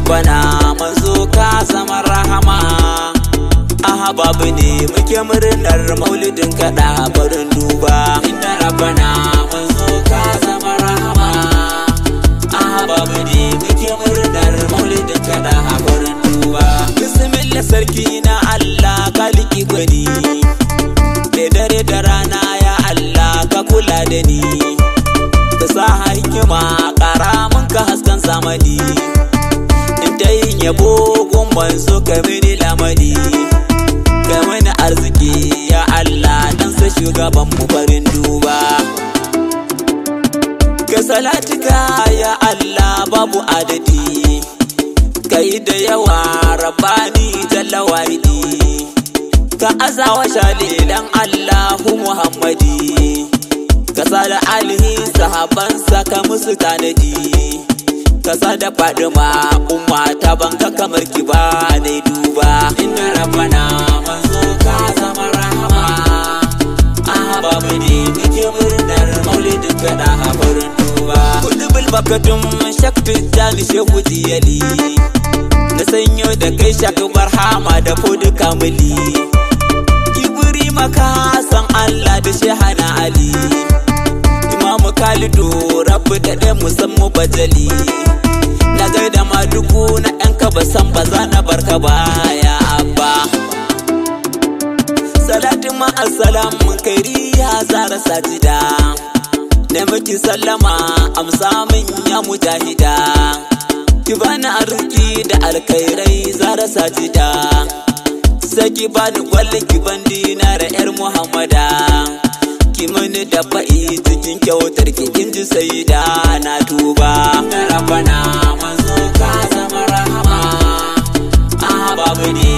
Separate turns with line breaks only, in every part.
bana manzo ka zama rahama aha babu ne muke murnar maulidin da barin duba inna rabbana manzo ka zama rahama aha babu ne muke murnar maulidin da barin duba bismillah sarki na Allah kaliki gani da dare da rana ya Allah ka kula da ni da sa hikima ƙara ka hasken zamani yabo gumban su ka mini lamari ka mini arziki ya Allah dan sai shugaban mu barin duba ka salatika ya Allah babu adadi kai da yawa rabani jallawahidi ka azawa shalilan Allahu Muhammadi ka sala alihi sahabansa ka musu tanadi kasa da fadima umma ta banka kamar ki ba zai duba inna rabana manzo ka zama rahama ahaba mini kike murnar maulidin ka a farin duba kulubul bakatum shaktu jali shehu jiyali na sanyo da kai shak marhama da fudu kamili kiburi maka san Allah da shehana Ali imamu Khalidu rabu da ɗan musamman bajali san ba za na barka baya ba salatin ma assalamu kairi ya zara sajida na miki sallama amsa min ya mujahida ki bani arziki da Alkairai zara sajida sai ki bani gwallin ki ban dinara yar muhammada ki mun da fa'i cikin kyautar ki kin ji sai da na tuba na with it.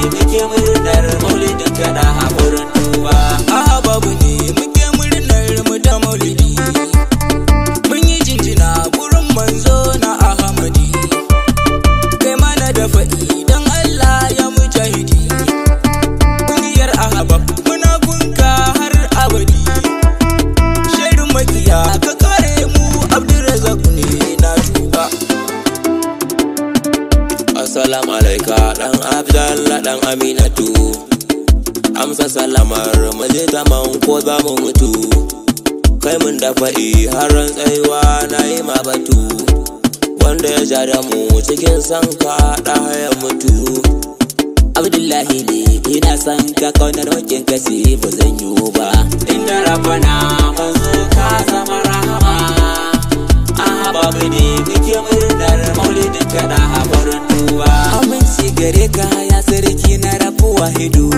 salam alaika dan abdalla dan aminatu amsa salamar maje ta man ko za mu mutu kai mun da fa'i har tsayuwa na nayi ma batu wanda ya jara mu cikin sanka da ya mutu abdullahi ne ina san ka kaunar wakin kasi ba zan yi ba inda rabana gare ka ya sarki na rafuwa hidu